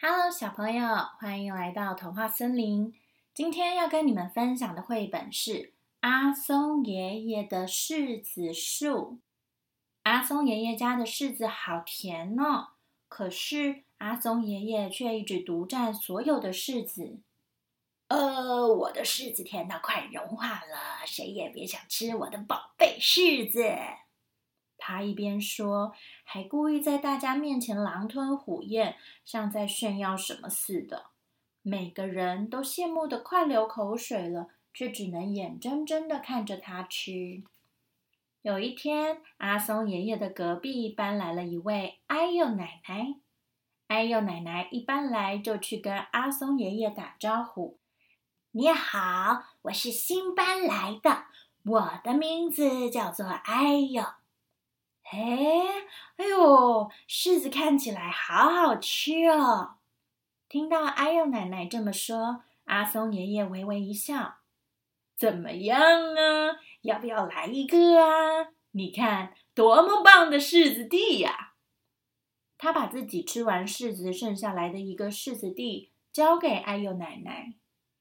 Hello，小朋友，歡迎來到童話森林。今天要跟你們分享的繪本是《阿松爺爺的柿子樹》。阿松爺爺家的柿子好甜哦，可是阿松爺爺卻一直獨佔所有的柿子。呃、哦，我的柿子甜到快融化了，誰也別想吃我的寶貝柿子。他一邊說，還故意在大家面前狼吞虎嚥，像在炫耀什麼似的。每個人都羨慕得快流口水了，卻只能眼睜睜的看着他吃。有一天，阿松爺爺的隔壁搬來了一位“哎呦”奶奶。哎呦奶奶一搬來就去跟阿松爺爺打招呼：“你好，我是新搬來的，我的名字叫做哎呦。”誒哎呦，柿子看起來好好吃哦！聽到阿幼奶奶這麼說，阿松爺爺微微一笑：“怎麼樣啊？要不要來一個啊？你看多麼棒的柿子蒂呀，啊！”他把自己吃完柿子剩下來的一個柿子蒂交給阿幼奶奶。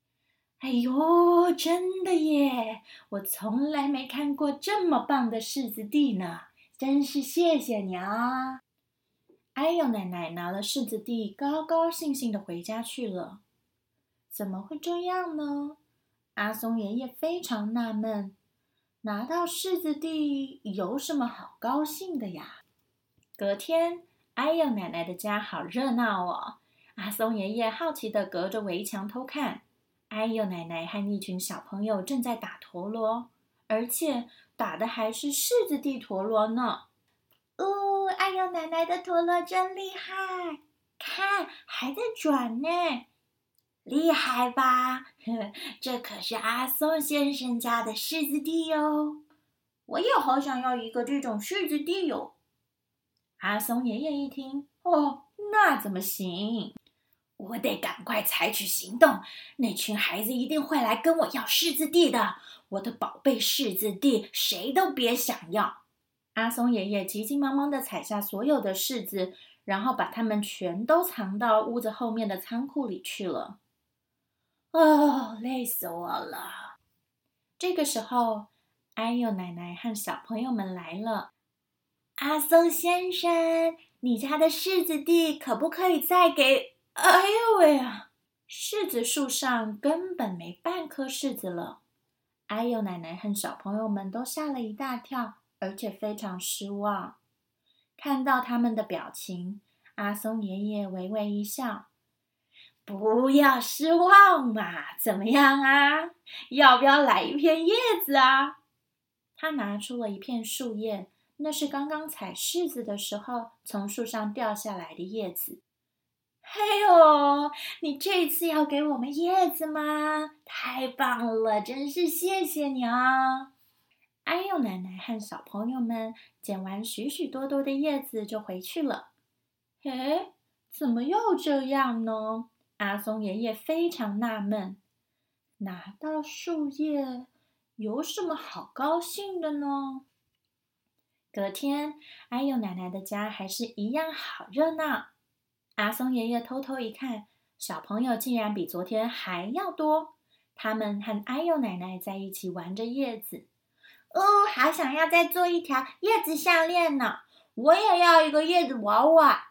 “哎呦，真的耶！我從來沒看過這麼棒的柿子蒂呢！”真是謝謝你啊！哎呦，奶奶拿了柿子蒂，高高興興地回家去了。怎麼會這樣呢？阿松爺爺非常納悶。拿到柿子蒂有什麼好高興的呀？隔天，哎呦，奶奶的家好熱鬧哦！阿松爺爺好奇地隔着圍牆偷看，哎呦，奶奶和一群小朋友正在打陀螺。而且打的還是柿子地陀螺呢！哦，哎呦，奶奶的陀螺真厲害，看還在轉呢，厲害吧？呵呵，這可是阿松先生家的柿子地喲、哦！我也好想要一個這種柿子地喲、哦！阿松爺爺一聽，哦，那怎麼行？我得趕快採取行動，那群孩子一定會來跟我要柿子地的。我的寶貝柿子地，誰都別想要！阿松爺爺急急忙忙的採下所有的柿子，然後把它們全都藏到屋子後面的倉庫裡去了。哦，累死我了！這個時候，阿幼奶奶和小朋友們來了。阿松先生，你家的柿子地可不可以再給？哎呦喂呀！柿子樹上根本沒半顆柿子了。阿尤奶奶和小朋友們都嚇了一大跳，而且非常失望。看到他們的表情，阿松爺爺微微一笑：“不要失望嘛，怎麼樣啊？要不要來一片葉子啊？”他拿出了一片樹葉，那是剛剛採柿子的時候從樹上掉下來的葉子。哎呦，你這次要給我們葉子嗎？太棒了，真是謝謝你啊！阿幼奶奶和小朋友們撿完許許多多的葉子就回去了。哎，怎麼又這樣呢？阿松爺爺非常納悶：拿到樹葉有什麼好高興的呢？隔天，阿幼奶奶的家還是一樣好熱鬧。阿松爺爺偷偷一看，小朋友竟然比昨天還要多。他們和阿呦奶奶在一起玩着葉子，哦，好想要再做一條葉子項鏈呢！我也要一個葉子娃娃。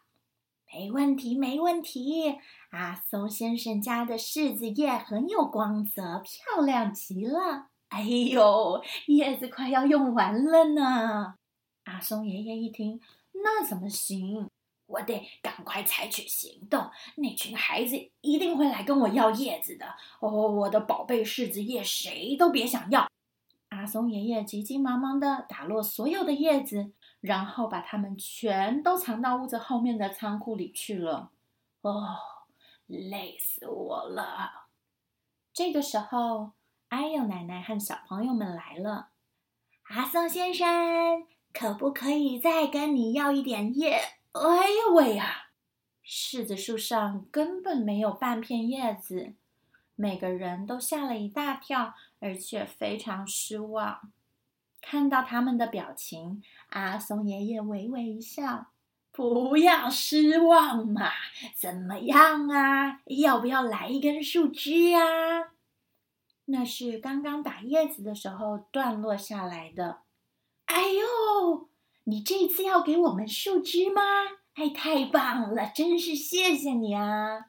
沒問題，沒問題。阿松先生家的柿子葉很有光澤，漂亮極了。哎呦，葉子快要用完了呢！阿松爺爺一聽，那怎麼行？我得趕快採取行動，那群孩子一定會來跟我要葉子的。哦，我的寶貝柿子葉，誰都別想要！阿松爺爺急急忙忙地打落所有的葉子，然後把它們全都藏到屋子後面的倉庫裡去了。哦，累死我了！這個時候，哎呦，奶奶和小朋友們來了。阿松先生，可不可以再跟你要一點葉？哎呦喂呀！柿子樹上根本沒有半片葉子，每個人都嚇了一大跳，而且非常失望。看到他們的表情，阿松爺爺微微一笑：“不要失望嘛，怎麼樣啊？要不要來一根樹枝呀，啊？那是剛剛打葉子的時候斷落下來的。”哎呦！你這次要給我們樹枝嗎？哎，太棒了！真是謝謝你啊！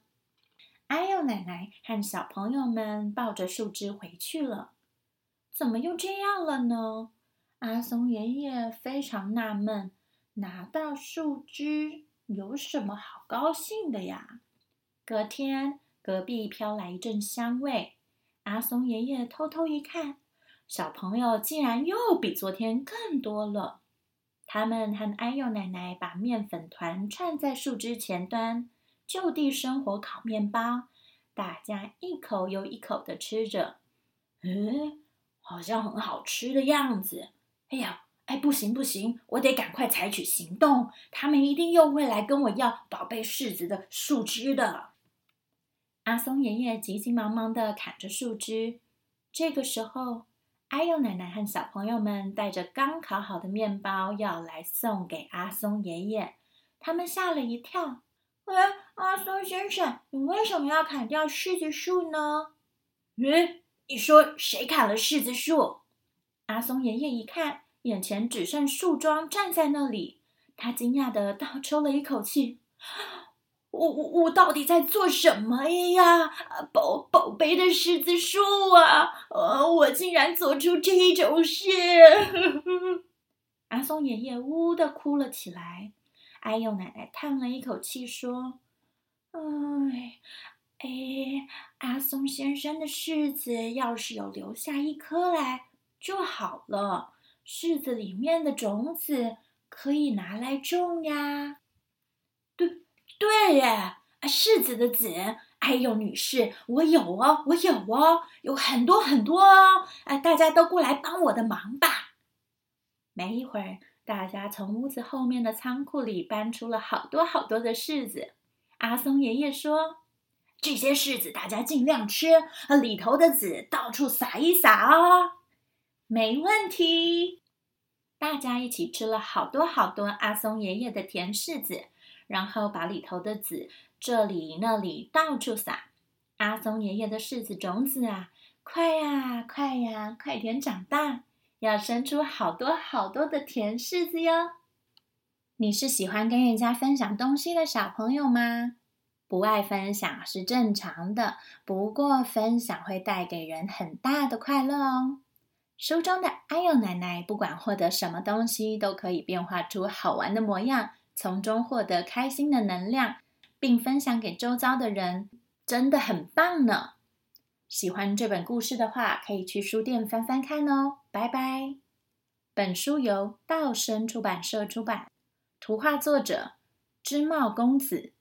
哎喲，奶奶和小朋友們抱着樹枝回去了。怎麼又這樣了呢？阿松爺爺非常納悶：拿到樹枝有什麼好高興的呀？隔天，隔壁飄來一陣香味。阿松爺爺偷偷一看，小朋友竟然又比昨天更多了。他們和安佑奶奶把麵粉團串在樹枝前端，就地生火烤麵包。大家一口又一口地吃着，嗯，好像很好吃的樣子。哎呀，哎，不行不行，我得趕快採取行動。他們一定又會來跟我要寶貝柿子的樹枝的。阿松爺爺急急忙忙地砍着樹枝。這個時候。唉呦，奶奶和小朋友們帶着剛烤好的面包要來送給阿松爺爺，他們嚇了一跳。喂，阿松先生，你為什麼要砍掉柿子樹呢？誒，你說誰砍了柿子樹？阿松爺爺一看，眼前只剩樹樁站在那裡，他驚訝地倒抽了一口氣。我我我到底在做什麼呀？寶寶貝的柿子樹啊！呃、啊，我竟然做出這種事！ 阿松爺爺嗚嗚地哭了起來。阿佑奶奶嘆了一口氣說：“哎、嗯，哎，阿松先生的柿子要是有留下一顆來就好了，柿子裡面的種子可以拿來種呀。”對耶，啊柿子的籽，哎呦女士，我有哦，我有哦，有很多很多哦，哎大家都過來幫我的忙吧。沒一會兒，大家從屋子後面的倉庫裡搬出了好多好多的柿子。阿松爺爺說：“這些柿子大家盡量吃，啊裡頭的籽到處撒一撒哦。”沒問題，大家一起吃了好多好多阿松爺爺的甜柿子。然後把裡頭的籽，這裡那裡到處撒。阿松爺爺的柿子種子啊，快呀、啊、快呀、啊，快點長大，要生出好多好多的甜柿子喲！你是喜歡跟人家分享東西的小朋友嗎？不愛分享是正常的，不過分享會帶給人很大的快樂哦。書中的阿幼奶奶，不管獲得什麼東西，都可以變化出好玩的模樣。從中獲得開心的能量，並分享給周遭的人，真的很棒呢！喜歡這本故事的話，可以去書店翻翻看哦。拜拜！本書由道聲出版社出版，圖畫作者織茂恭子，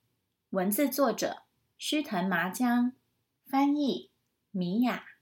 文字作者須藤麻江，翻譯米雅。